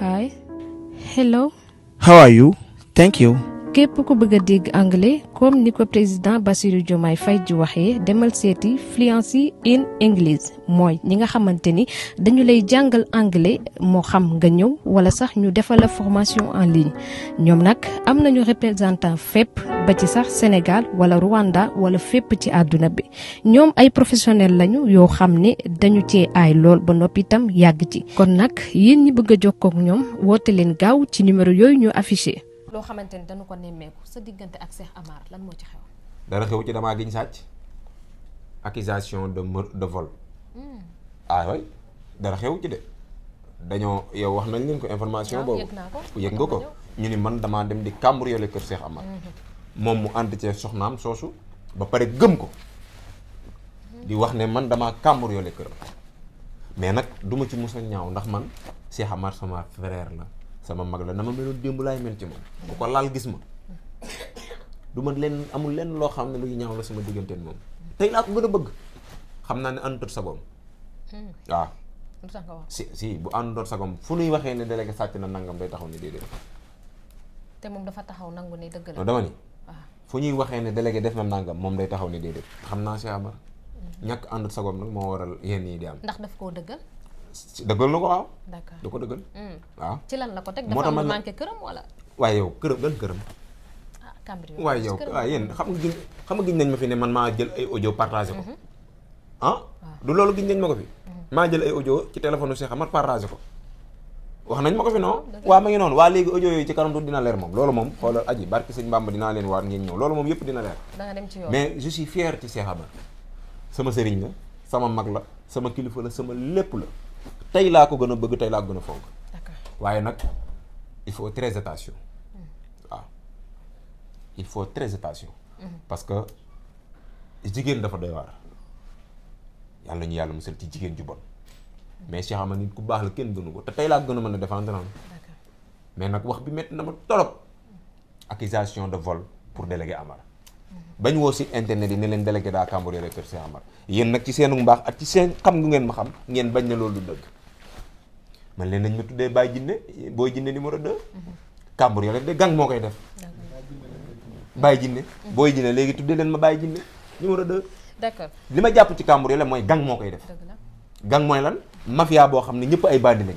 Hi. Hello. How are you? Thank you. képp ko bëgg a dégg anglais comme ni ko président Bassirou Diomaye fay ji waxee demal seeti fluency in English mooy ñi nga xamante ni dañu lay jàngal anglais moo xam nga ñëw wala sax ñu defal la formation en ligne ñoom nag am nañu représentant fépp ba ci sax Sénégal wala Rwanda wala fépp ci àdduna bi ñoom ay professionnel lañu yoo xam ne dañu cee ay lool ba noppi itam yàgg ci kon nag yéen ñi bëgg a jokkook ñoom woote leen gaaw ci numéro yooyu ñu affiché loo xamante ni dañu ko nemmeeku sa diggante ak Cheikh Amar lan moo ci xew. dara xew ci damaa giñ sàcc accusation de de vol. Hmm. ah waay dara xew ci de dañoo yow wax nañ leen ko information. Ah, boobu yëg nga ko ñu ni man damaa dem di cambrioler kër Cheikh Amar. Hmm. moom mu ànd soxnaam soosu ba pare gëm ko. di wax ne man damaa cambrioler kër mais nag duma ci musa ñaaw ndax man Cheikh Amar sama frère la. sama mag la na ma meloon démb laay mel ci moom bu ko laal gis ma du ma leen amul lenn loo xam ne luy ñaaw la sama digganteen moom tey laa ko gën a bëgg xam naa ne àndutoot sagoom waaw si si bu àndutoot sagoom fu nuy waxee ne délégué sàcc na nangam day taxaw ne déedéet te moom dafa taxaw nangu ne dëgg la dama ni ah. fu ñuy waxee ne délégué def na nangam moom day taxaw ne déedéet xam naa si abar hmm. ñàkk àndut sagoom nag moo waral yenn yi di am ndax daf koo dëggal dëggal na ko waaw. d'accord da ko dëggal. Hmm. waaw ci lan la ko teg dafa am manqué këram wala. waaye yow këram gën këram. ah cambriolage waaye yow waaye yéen xam nga giñ xam nga giñ nañ ma fi ne man maa jël ay audio partagé ko. Mhm. ah du loolu giñ nañ ma ko fi. Mhm. maa jël ay audio ma ko fi non ah, waa ma ngi noonu waa léegi audio yooyu ci kanam tuuti dina leer moom loolu moom xoolal aji barki sëñ Bamba dinaa leen waar ngeen ñëw loolu moom yëpp dina leer. da nga mais je ci Cheikh sama sëriñ la sama mag la sama kilifa la sama tey laa ko gën a bëgg tey laa ko gën a fonk waaye nag il faut très attention mm. waaw il faut très attention mm-hmm. parce que jigéen dafa doy waar yàlla ñu yàlla musal ci jigéen ju bon mm-hmm. mais Cheikh Amar nit ku baax la kenn gënu ko te tey laa gën a mën a défendre mais nag wax bi métti na ma torop accusation de vol pour délégué Amar mm-hmm. bañ woo si internet yi ne leen délégué daa cambriolé kër Cheikh Amar yéen nag ci seenu mbaax ak ci seen xam nga ngeen ma xam ngeen bañ na loolu du dëgg man leen nañ ma tuddee Baye Jinne Boy Jinne numéro 2. kàmbur yoo leen de gang moo koy def. Baye Jinne booy Jinne léegi tuddee leen ma Baye Jinne numéro 2. d'accord li ma jàpp ci kàmbur yoo leen mooy gan moo koy def. gan mooy lan mafia boo xam ne ñëpp ay bandi lañ.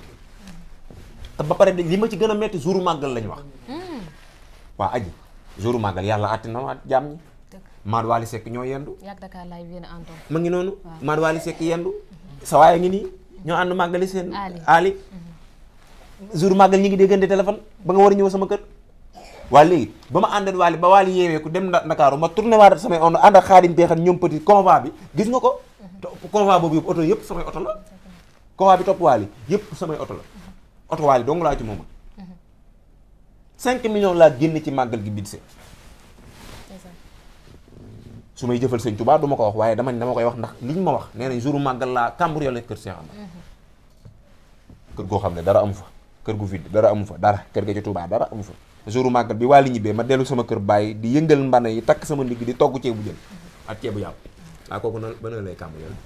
te ba pare li ma ci gën a metti jouru màggal lañ wax. Hmm. waa aji jouru màggal yàlla àtti na waa jàmm ñi. Maad Waly Seck ñoo yendu. yàgg a àndoon. ma ngi noonu Maad Waly Seck yendu. sa waay ngi nii. ñoo ànd màggali seen aali jour màggal ñi ngi déggante téléphone ba nga war a ñëw sama kër waa ba ma àndoon waali ba waali yeeweeku dem Ndakaaru ma tourné waat samay on ànd ak xaadim peexan ñoom petit convoi bi gis nga ko mhm. convoi boobu yëpp oto yëpp samay oto la convoi bi topp waali yëpp samay oto la mhm. oto waali dong laa ci moom 5 mhm. millions laa génn ci màggal gi budget su may jëfal sëñ Tuubaa du ma ko wax waaye dama dama koy wax ndax ñu ma wax nee nañ jouru màggal laa kàmbur yolla kër Cheikh Amar kër goo xam ne dara amu fa kër gu vide dara amu fa dara kër gi ci Tuubaa dara amu fa jouru màggal bi waa li ñibbee ma dellu sama kër bàyyi di yëngal mbana yi takk sama ndigg di togg ceebu jën ak ceebu yàpp waa kooku na ba na lay kàmbur yolla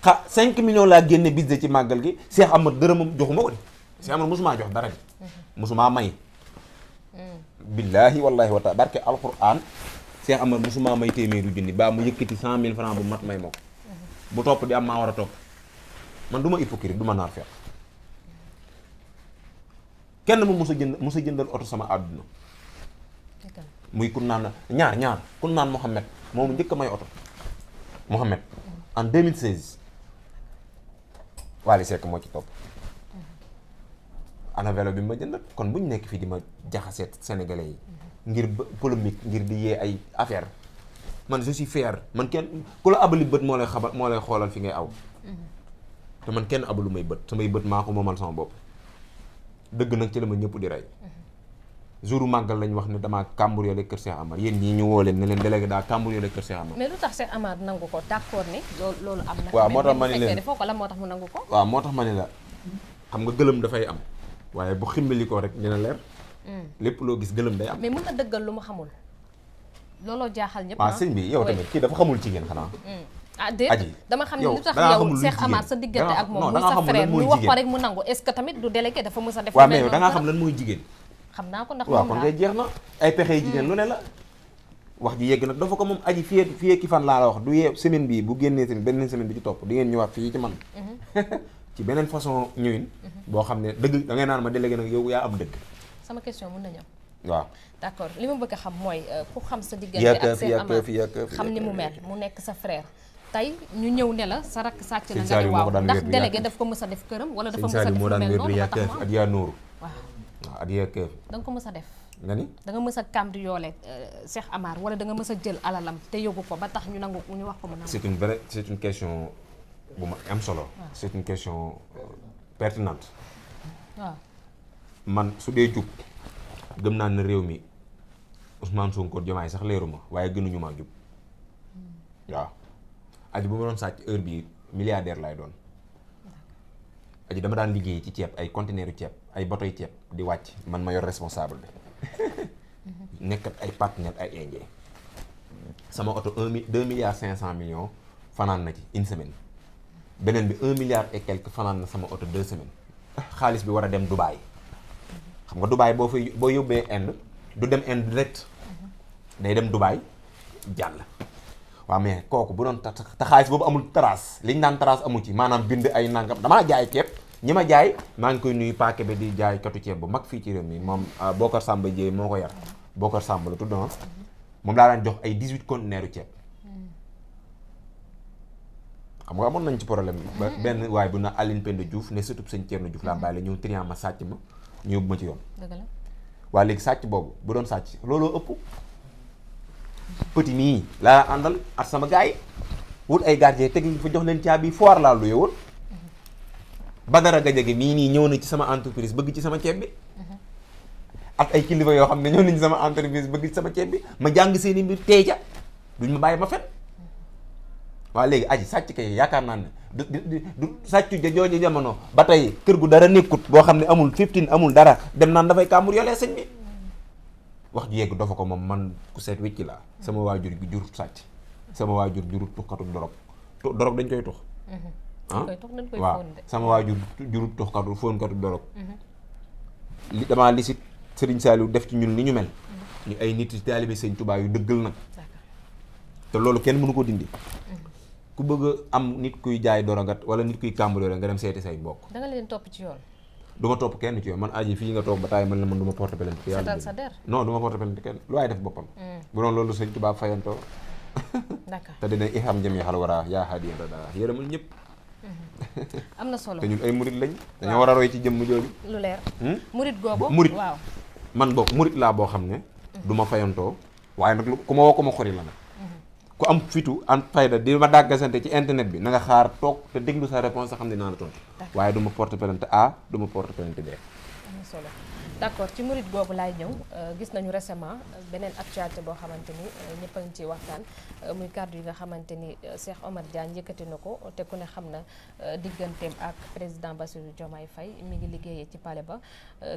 xa 5 millions laa génne bis ci màggal gi Cheikh Amar dërëmam joxuma ko de jox dara billaahi wallaahi wa taala barke alquran Cheikh Amar musuma may téeméeru junni baa mu yëkkati cent mille francs bu mat may ma ko bu topp di am maa war a topp man du ma hypocrite du ma naar fekk kenn mu mos jënd mos jëndal oto sama àdduna muy kun ñaar ñaar kun naan Mohamed njëkk a may oto Mohamed en 2016 Waly Seck moo ci topp ana vélo bi ma jënd kon bu ñu nekk fii di ma jaxaseet sénégalais yi ngir polémique ngir di yee ay affaire man je suis man kenn ku la abali bët moo lay xabal moo lay xoolal fi ngay aw mm-hmm. te man kenn lu may bët samay bët maa ko moomal sama bopp dëgg nag ci la ma ñëpp di rey mm-hmm. jouru màggal lañ wax ne damaa cambriolé kër Cheikh Amar yéen ñii ñu woo leen ne leen délégué daa cambriolé kër Cheikh Amar mais lu tax Cheikh Amar nangu ko d'accord ne loolu loolu moo tax ma ni leen ko waaw moo tax ma la xam nga gëlëm dafay am waaye bu ximbali ko rek dina leer. Hmm. lépp loo gis gëlëm day am. mais mën na dëggal lu mu xamul. looloo jaaxal ñëpp ah sëñ bi yow tamit kii dafa xamul jigéen xanaa. Hmm. ah xam ne lu tax yow Cheikh Amar sa diggante ak moom muy sa frère ñu wax ko rek mu tamit du délégué dafa a def. waaw mais yow da ngaa xam lan mooy jigéen. xam naa ko ndax waaw ngay jeex na ay pexe yi jigéen hmm. lu ne la. wax ji yegg na dafa ko moom aji fii fii ki fan laa la wax du yee semaine bii bu génnee tamit benn semaine bi ci topp di ngeen ñëwaat fii ci man ci beneen façon ñëwin boo xam ne dëgg da ngay naan ma délégué nag yow yaa am dëgg sama question mën na ñëw waaw d'accord li ma bëgg a xam mooy pour euh, xam sa diggante ak seen am xam ni mu nekk sa frère tey ñu ñëw ne la sa rakk sàcc na nga ne waaw ndax ko mës a def këram wala dafa mës a def mel noonu ba tax ma adiya da nga ko mës a def nga da nga mës a cambriolé euh, Cheikh Amar wala da nga mës a jël alalam te yóbbu ko ba tax ñu nangu ñu wax ko mu nangu c'est une vraie c'est une question bu ma am solo. Ah. c'est une question euh, pertinente. Ah. man su dee jub gëm naa ne réew mi Ousmane Sonko Diomaye sax leeru ma waaye gënuñu maa jub hmm. waaw. aji bu ma doon sàcc heure bii milliardaire laay doon. aji dama daan liggéey ci ceeb ay conteneur ceeb ay bateau ceeb di wàcc man ma yor responsable bi nekkat ay partenaire ay indien sama oto un deux milliards cinq cent millions fanaan na ci une semaine. beneen bi un milliard et quelque fanaan na sama oto deux semaines xaalis bi war a dem Dubaay xam nga Dubaay boo fay boo yóbbee Inde du dem Inde direct day dem Dubaay jàll. waaw mais kooku bu doon tax te xaalis boobu amul li liñ naan trace amu ci maanaam bind ay nangam damaa jaay ceeb ñi ma jaay maa ngi koy nuyu paake bi di jaay katu ceeb bu mag fii ci réew mi moom ah, Bokar Samba Dieye moo ko yar Bokar Samba la tudd ah. moom laa daan jox ay 18 conteneurs ceeb. xam nga amoon nañ ci problème ba mm-hmm. benn waaye bu na Aline Penda Diouf ne surtout sëñ Thierno Diouf laa mm-hmm. bàyyi la ñëw triant ma sàcc ma ñu yóbbu ma ci yoon waaye léegi sàcc boobu bu doon sàcc looloo ëpp petit mii laa àndal ak sama gars wut ay gardien technique fa jox leen caabi foire laa luye mm-hmm. ba Badara Gadiaga mii nii ñëw na ci sama entreprise bëgg ci sama ceeb bi ak ay kilifa yoo xam ne ñëw nañ sama entreprise bëgg ci sama ceeb bi ma jàng seen i mbir teeja duñ ma bàyyi waa léegi aji sàcc kay yaakaar naa ne du du du sàcc jamono ba tey kër gu dara nekkut boo xam ne amul fifteen amul dara dem naan dafay kàmbur yolee sëñ bi wax ji yegg dafa ko moom man ku seet wicci laa sama waajur bi jurut sàcc sama waajur jurut tuxkatu dorog dorog dañ koy tux mm-hmm. ah waaw sama waajur jurut tuxkatu fóonkatu dorog mm-hmm. li damaa li si Sëriñ Saliou def ci ñu li ñu mel mm-hmm. ñu ay nit taalibe sëñ Tuubaa yu dëggal nag te loolu kenn mënu ko dindi ku bëgg a am nit kuy jaay dorogat wala nit kuy cambriolé nga dem seeti say mbokk. da nga leen topp ci yoon. du ma topp kenn ci yoon man aji fii nga toog ba taay man la man du ma porte plainte yàlla sa der non du ma def boppam. Mm. bu doon loolu sëñ tubaab fayantoo. d'accord te dina iham jëm yaxal war a yaa hadiya radaa yërëmal ñëpp. Mm-hmm. am na solo te ñun ay murit lañ. dañoo war a roy ci jëmm jooju. Hmm? murit man boog murit laa boo xam ne. Mm-hmm. du ma fayantoo waaye nag ku ma woo ko ma xori la nag. ku am fitu am fayda di ma dàggasante ci internet bi na nga xaar toog te déglu sa réponse sa xam ne naa la tontu waaye duma ma porte plainte A du ma porte plainte B. am d'accord ci murit googu laay ñëw euh, gis nañu récemment euh, beneen actualité boo xamante ni euh, ñëpp ci waxtaan muy kàddu yi nga xamante ni Cheikh Omar Diagne yëkkati na ko te ku ne xam na digganteem ak président Bassirou Diomaye fay mi ngi liggéeyee ci pale ba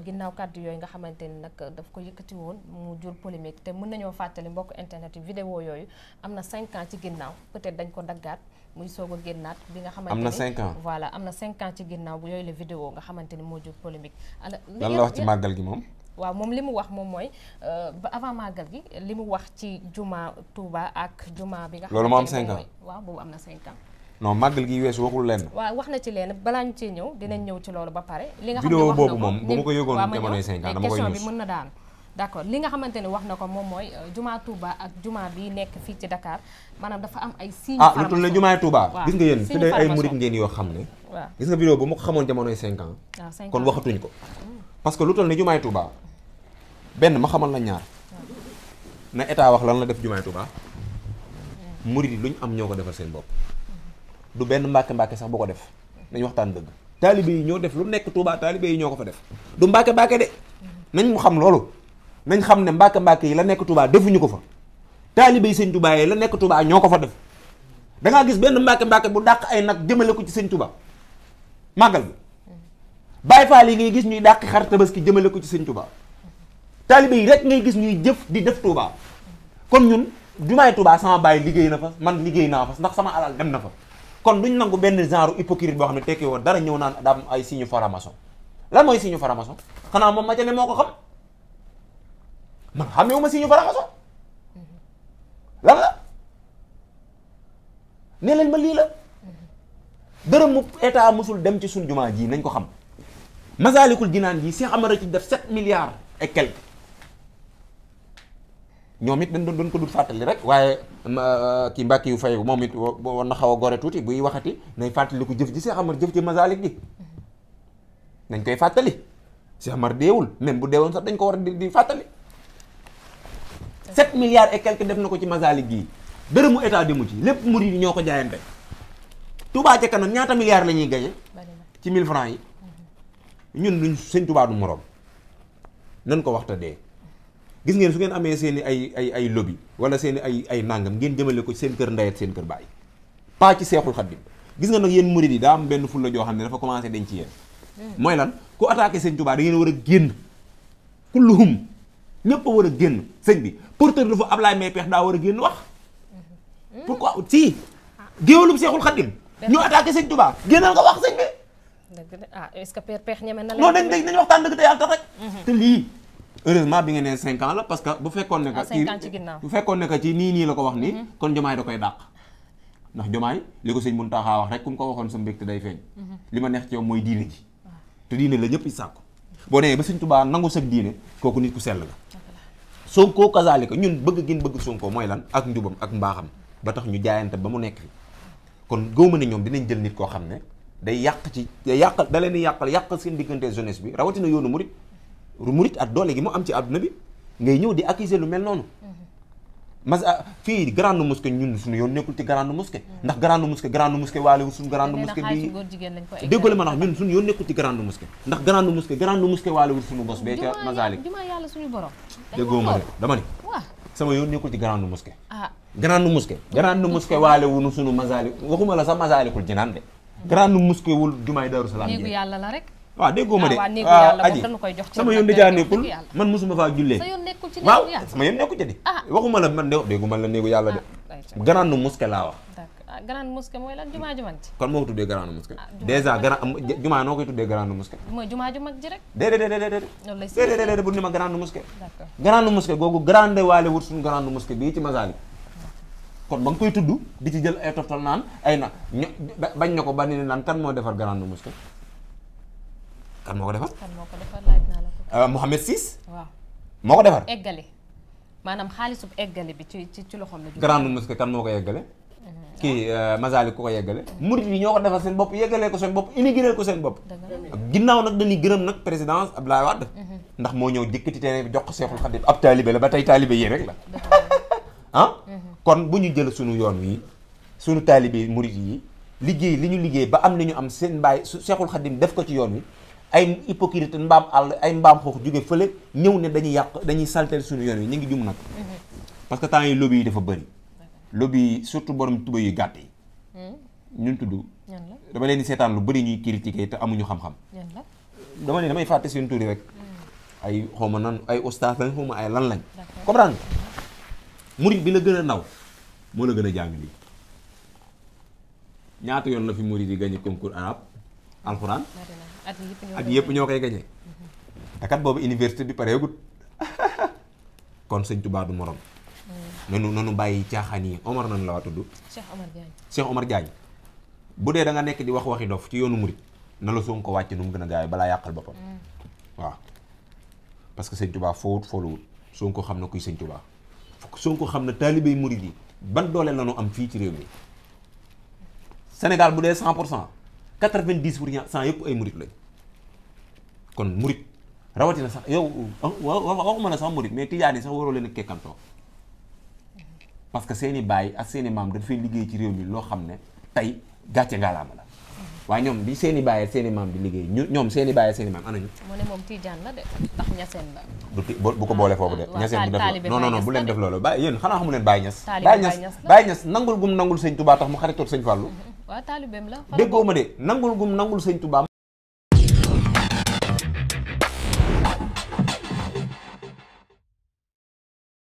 ginnaaw kàddu yooyu nga xamante ni nag daf ko yëkkati woon mu jur polémique te mën nañoo fàttali mbokk internet yi vidéo yooyu am na 5 ci ginnaaw peut-être dañ ko daggaat muy soog a génnaat bi nga xamante ni am na cinq ans voilà am na cinq ci ginnaaw bu yooyu la vidéo nga xamante ni moo jur polémique ala lan la wax ci màggal gi moom waaw moom li mu wax moom mooy euh, avant màggal gi li mu wax ci juma Touba ak juma bi nga loolu moo am cinq ans waaw boobu am na cinq ans non màggal gi weesu waxul lenn waaw wax na ci lenn balaa ñu cee ñëw dinañ ñëw ci loolu ba pare li nga xam ne wax ko vidéo boobu moom bu ma ko yëgoon jamonoy cinq ans dama koy question mën na daan d'accord li nga xamante ne wax na ko moom mooy euh, jumaa Touba ak jumaa bi nekk fii ci Dakar maanaam dafa am ay signe ah lu toll ne jumaa Touba gis nga yéen su dee ay murit ngeen yoo xam ne waaw gis nga vidéo bu ma ko xamoon jamonoy cinq ans ah, kon waxatuñ ko parce que lu toll ne jumaa Touba ma xamal la ñaar na état wax lan la def jumaa Touba murit yi lu am ñoo ko defal seen bopp du benn mbàkke mbàkke sax boo ko def nañ waxtaan dëgg taalibe yi ñoo def lu nekk Touba taalibe yi ñoo ko fa def du mbàkke mbàkke de nañ mu xam loolu nañ xam ne mbàkk mbàkk yi la nekk Touba defuñu ko fa taalibe yi sëñ Touba yi la nekk Touba ñoo ko fa def da gis benn mbàkk mbàkk bu dàq ay nag jëmale ko ci sëñ Touba màggal bi Baay Faal yi gis ñuy dàq xar tabaski jëmale ko ci sëñ Touba taalibe yi rek ngay gis ñuy jëf di def Touba kon ñun jumaay Touba sama baay liggéey na fa man liggéey naa fa ndax sama alal dem na fa kon duñ nangu benn genre hypocrite boo xam ne tekki woon dara ñëw naan daam ay signe franc-maçon lan mooy signe franc-maçon xanaa moom ma ca ne moo man xamewuma si ñu baraxaso lan la ne ma lii la dërëm mu état musul dem ci suñ jumaa jii nañ ko xam Masaalikul Jinaan ji Cheikh Amara ci def sept milliards et quelque ñoom it dañ doon doon ko dul fàttali rek waaye kii mbàkki yu fay moom it war na xaw a gore tuuti buy waxati nay fàttali ko jëf ji Cheikh Amar jëf ji Masaalik ji dañ koy fàttali Cheikh Amar deewul même bu deewoon sax dañ ko war di fàttali 7 milliards et quelque def na ko ci Masalik gii dërëmu état demu ci lépp murid yi ñoo ko jaayante. Touba ca kanam ñaata milliards la ñuy gañe ci 1000 francs yi ñun duñ sëñ Touba du morom nan ko waxta dee gis ngeen su ngeen amee seen ay ay ay lobby wala seen i ay ay nangam ngeen jëmale ko seen kër ndey seen kër baay pas ci Seexul Xadiim gis nga nag yéen murid yi daa am benn fulla joo xam ne dafa commencé denc yéen. Hmm. mooy lan ku attaqué sëñ Touba da ngeen war a génn kulluhum ñëpp a war a génn sëñ bi porteur dafa Ablaye Mbaye Pekh daa war a génn wax. Mhm. pourquoi si. géwélum Seexul Xadim ah. ñu attaqué sëñ Touba génnal nga wax sëñ bi. dëgg ah, na dañ dañ dañ waxtaan dëgg te yàlla rek. Mhm. te lii heureusement bi nga nee 5 la parce que bu fekkoon ne. ah 5 ans ci nii nii la ko wax nii. Mhm. kon jomaay da koy dàq. ndax jomaay li ko sëñ Muntaxa wax rek ku mu ko waxoon sa mbégte day feeñ. li ma neex ci yow mooy diine ji. Ah. te diine la ñëpp Sonko kazaalika ñun bëgg gin bëgg Sonko mooy lan ak njubam ak mbaaxam ba tax ñu jaayante ba mu nekk fi kon gëwma ne ñoom dinañ jël nit koo xam ne day yàq ci day yàqal da leen di yàqal yàqal seen diggante jeunesse bi rawatina yoonu murit murit ak doole gi mu am ci àdduna bi ngay ñëw di accuser lu mel noonu mas ah, fii grande mosquée ñun suñu yoon nekkul ci grande mosquée ndax grande mosquée waale suñu suñu yoon nekkul ci grande mosquée ndax grande mosquée grande mosquée waale suñu bos bee ca Masalik jumaa yàlla suñu borom déggoo ma de dama ni sama yoon nekkul ci grande mosquée ah. grande mosquée grande mosquée waale wuñu suñu Masalik waxuma la sax Masalikul Jinaan de grande mosquée wul jumaay Daaru Salaam néegu yàlla la rek waaw déggoo ma de ah, waaw aji ah, sama yoon dèjà nekkul man mosuma faa jullee waaw sama yoon nekku ca di ah. waxuma la man de dégguma la néegu yàlla de grande mosquée laa wax grande mosquée mooy lan jumaa ju kon moo tuddee grande mosquée dèjà grand jumaa koy tuddee grande mosquée mooy jumaa ju mag ji rek déedéet déedéet déedéet bu ni ma grande mosquée grande mosquée googu grande waale wut suñu grande mosquée bii ci Masalik kon ba nga koy tudd di ci jël ay toftal naan ay na bañ na ko ba ni naan kan moo defar grande mosquée kan moo ko defar. kan moo ko defar laaj naa la ko. Euh, Mohamed Ciss. waaw moo ko defar. eggale maanaam xaalisub eggale bi ci ci ci loxoom la. grande mosquée kan moo ko eggale. Mm-hmm. kii euh, Masalik ku ko yeggale. Mm-hmm. murid yi ñoo ko defal seen bopp yeggalee ko seen bopp inauguré ko seen bopp. ginnaaw nag dañuy gërëm nag présidence Abdoulaye Wade. Mm-hmm. ndax moo ñëw jëkkati terrain bi jox Seexul Xadiim ab taalibe la ba tey taalibe yee rek la. ah kon bu ñu jël suñu yoon wi suñu taalibe murid yi liggéey li ñu liggéey ba am li ñu am seen mbaay su Seexul Xadiim ko ci yoon wi. ay hypocrite mbaam àll ay mbaam xoox jóge fële ñëw ne dañuy yàq dañuy saltel suñu yoon yi ñu ngi jum nag mm-hmm. parce que temps yi lobby yi dafa bëri lobby yi surtout borom tuba yu gàtt yi mm-hmm. ñun tudd dama leen di seetaan lu bëri ñuy critiquer te amuñu xam-xam dama ne damay fàtte seen tuuri rek mm-hmm. ay ma nan ay oustaz lañ xawma ay lan lañ comprendre murid bi la gën a naw moo la gën a jàng lii ñaata yoon la fi murid yi gagné concours arabe alxuraan at yëpp ñoo koy gañee takat boobu université bi pareegut kon sëñ Tuubaa du morom mm. nanu nanu bàyyi caaxaan yi Omar nan la waa tudd Cheikh Omar Diagne bu dee da nekk di wax waxi dof ci yoonu murit na la Sonko wàcc nu mu gën a gaawee balaa yàqal boppam mm. waaw parce que sëñ Tuubaa foowut fooluwut Sonko xam na kuy sëñ Tuubaa Sonko xam na taalibey murit yi ba doole la ñu am fii ci réew mi Sénégal bu dee cent pour cent quatre-vingt-dix pour cent yëpp ay murit lañ kon murit rawatina sax yow waxuma la sax murit mais tijaan yi sax waroo leen a kekkantoo parce que seen baay ak seen i maam dafay liggéey ci réew mi loo xam ne tey gàcce ngaalaama la waaye ñoom bi seen i baay ak seen i maam di liggéey ñu ñoom seen i baay ak seen i maam anañu mu ne moom tijaan la de ndax ñaseen la bu ko boole foofu de ah, ñaseen bu def non non non bu leen def loolu ba yéen xanaa xamu leen Baye Niass Baye nangul gum nangul la déggoo ma de nangul gum nangul sëñ Touba